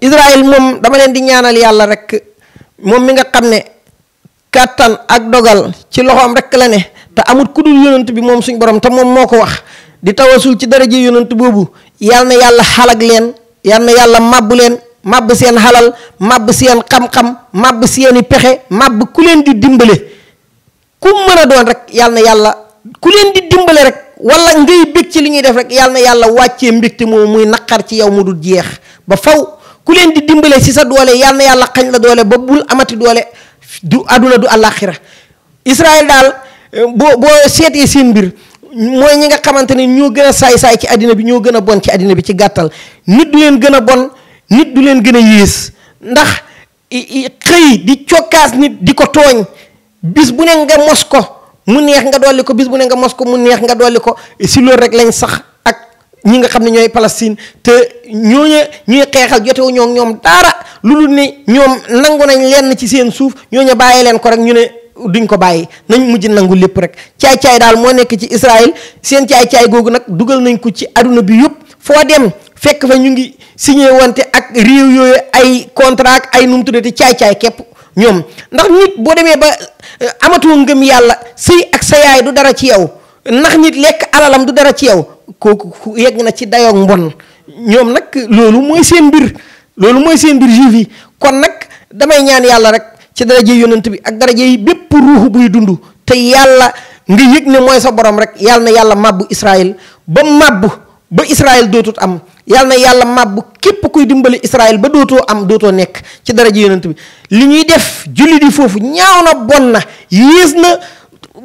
Israel mom dama len di ñaanal yalla rek mom mi nga xamne ne ak dogal ci loxom rek la ne te amut kudul yonent bi mom suñ borom te mom moko wax di tawasul ci daraaje yonent bobu yalna yalla yàlla xalag leen yal yalla yàlla màbb leen seen halal mabbu seen xam-xam mabbu seen pexé mabbu ku len di dimbale ku meuna doon rek yalna yalla ku len di dimbale rek wala ngay bég ci li ñuy def rek yalna yalla yàlla mbikti mo muy nakar ci yow mu jeex ba faw ku leen di dimbale si sa doole yal yàlla xañ la doole ba bul amati doole du àdduna du àllaaxira Israël daal eh, boo boo seetee seen mbir mooy ñi nga xamante ne ñoo gën a saay-saay ci àddina bi ñoo gën a bon ci àddina bi ci gàttal nit du leen gën a bon nit du leen gën a yées ndax xëy di cokkaas nit di ko tooñ bis bu ne nga mos ko mu neex nga dolli ko bis bu ne nga mos ko mu neex nga dolli ko si loolu rek lañ sax ñi nga xam ne ñooy Palestine te ñooñu ñuy xeexal jotewu ñoo ñoom daara lu dul ne ñoom nangu nañ lenn ci seen suuf ñooñu bàyyi leen ko rek ñu ne duñ ko bàyyi nañ mujj nangu lépp rek caay-caay daal moo nekk ci Israël seen caay-caay googu nag dugal nañ ko ci aduna bi yëpp foo dem fekk fa ñu ngi signé wante ak réew yooyu ay contrat ay nu mu tuddati caay-caay képp ñoom ndax nit boo demee ba eh, amatoo ngëm yàlla sëy ak sa yaay du dara ci yow ndax nit lekk alalam du dara ci yow kooku yegg na ci dayoog mbon ñoom nag loolu mooy seen mbir loolu mooy seen mbir juif yi kon nag damay ñaan yàlla rek ci daraje yonent bi ak daraje yi bépp ruux buy dund te yàlla nga yëg ne mooy sa borom rek yàlla na yàlla màbbu Israël ba màbbu ba Israël dootut am yàlla na yàlla màbbu képp kuy dimbali Israël ba dootoo am dootoo nekk ci daraje yonent bi li ñuy def julli di foofu ñaaw na bon na yées na.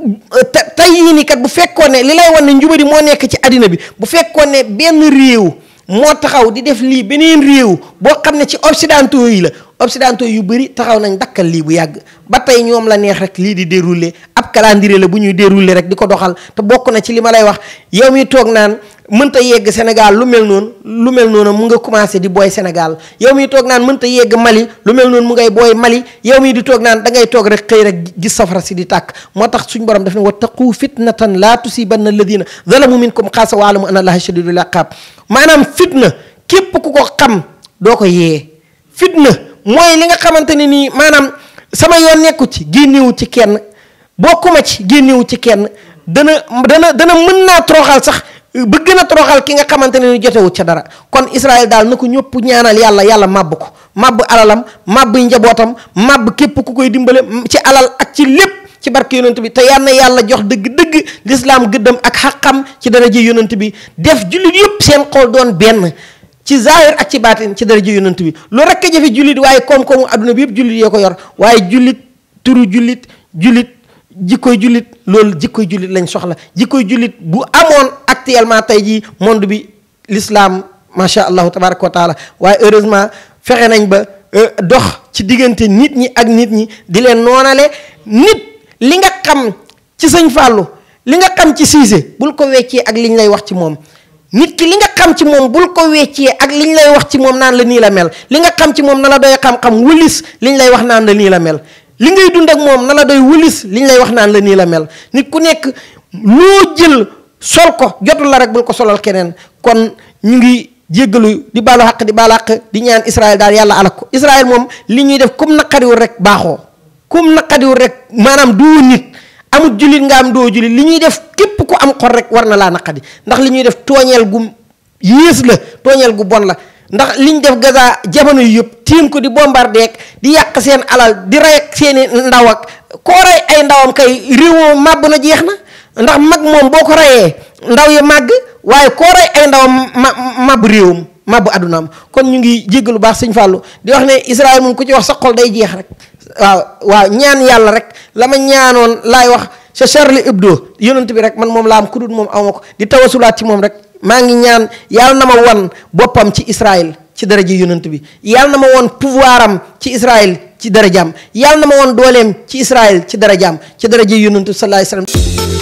Euh, tey yii nii kat bu fekkoon ne li lay wan ne njubadi moo nekk ci àddina bi bu fekkoon ne benn réew moo taxaw di def lii beneen réew boo xam ne ci occidentaux yi la occidentaux yu bëri taxaw nañ dakkal lii bu yàgg ba tey ñoom la neex rek lii di dérouler ab calendrier la bu ñuy dérouler rek di ko doxal te bokk na ci li ma lay wax yow mi toog naan mënta yegg Sénégal lu mel noonu lu mel noonu mu nga commencé di booy Sénégal yow mi toog naan mënta yegg Mali lu mel noon mu ngay booy Mali yow mi di toog naan da ngay toog rek xëy rek gis safara si di tàkk moo tax suñ borom daf ne wattaqu fitnatan laa tusibanna alladina zalamu minkum xaasa wa alamu anna allaha la iqab maanaam fitna képp ku ko xam doo ko yee fitna mooy li nga xamante ne nii maanaam sama yoon nekku ci génnewu ci kenn bokkuma ci génnewu ci kenn dana dana dana mën naa toroxal sax bëgg na a toroxal ki nga xamante ne ni jotewut ca dara kon Israël daal na ko ñëpp ñaanal yàlla yàlla màbb ko màbb alalam màbb njabootam màbb képp ku koy dimbale ci alal ak ci lépp ci barke yonent bi te yal na yàlla jox dëgg-dëgg lislaam gëddam ak xaqam ci daraja yonent bi def jullit yëpp seen xol doon benn ci zaahir ak ci baatin ci daraja yonent bi loolu rekk a jafe jullit waaye koom-koomu adduna bi yëpp jullit yee ko yor waaye jullit turu jullit jullit jikkoy jullit loolu jikkoy jullit lañ soxla jikkoy jullit bu amoon actuellement tey jii monde bi lislaam macha allahu tabaraka wa taala waaye heureusement fexe nañ ba euh, dox ci diggante nit ñi ak nit ñi di leen noonale nit li nga xam ci sëñ Fallou li nga xam ci Cissé bul ko weccee ak liñ lay wax ci moom nit ki li nga xam ci moom bul ko weccee ak li ñu lay wax ci moom naan la nii la mel li nga xam ci moom na la doy xam-xam wulis lay wax naan la nii la mel li ngay moom na la doy wulis liñ lay wax naan la nii la mel nit ku nekk loo jël sol ko jotul la rek bul ko solal keneen kon ñu ngi jéggalu di baalu xaq di baalu xaq di ñaan Israël daal yàlla alak ko Israël moom li ñuy def comme naqariwul rek baaxoo comme naqariwul rek maanaam du nit amut jullit nga am doo jullit li ñuy def képp ko am xol rek war na laa naqadi ndax li ñuy def tooñeel gu yées la tooñeel gu bon la ndax liñ def Gaza jamono yu yëpp tiim ko di bombardé ak di yàq seen alal di rey ak seeni ndaw ak koo rey ay ndawam kay réewoo màbb na jeex na ndax mag moom boo ko reyee ndaw yi màgg waaye koo rey ay ndawam ma màbb réewam àdduna am kon ñu ngi lu baax sëñ Fallou di wax ne Israël moom ku ci wax sa xol day jeex rek waaw waaw ñaan yàlla rek la ma ñaanoon laay wax sa Charlie Hebdo yonent bi rek man moom laa am ku moom awma ko di tawasulaat ci moom rek maa ngi ñaan yàlla na ma wan boppam ci Israël ci daraja yonent bi yàlla na ma woon pouvoir am ci Israël ci darajaam yàlla ma woon dooleem ci Israël ci darajaam ci daraja yonent bi sallallahu alayhi wasallam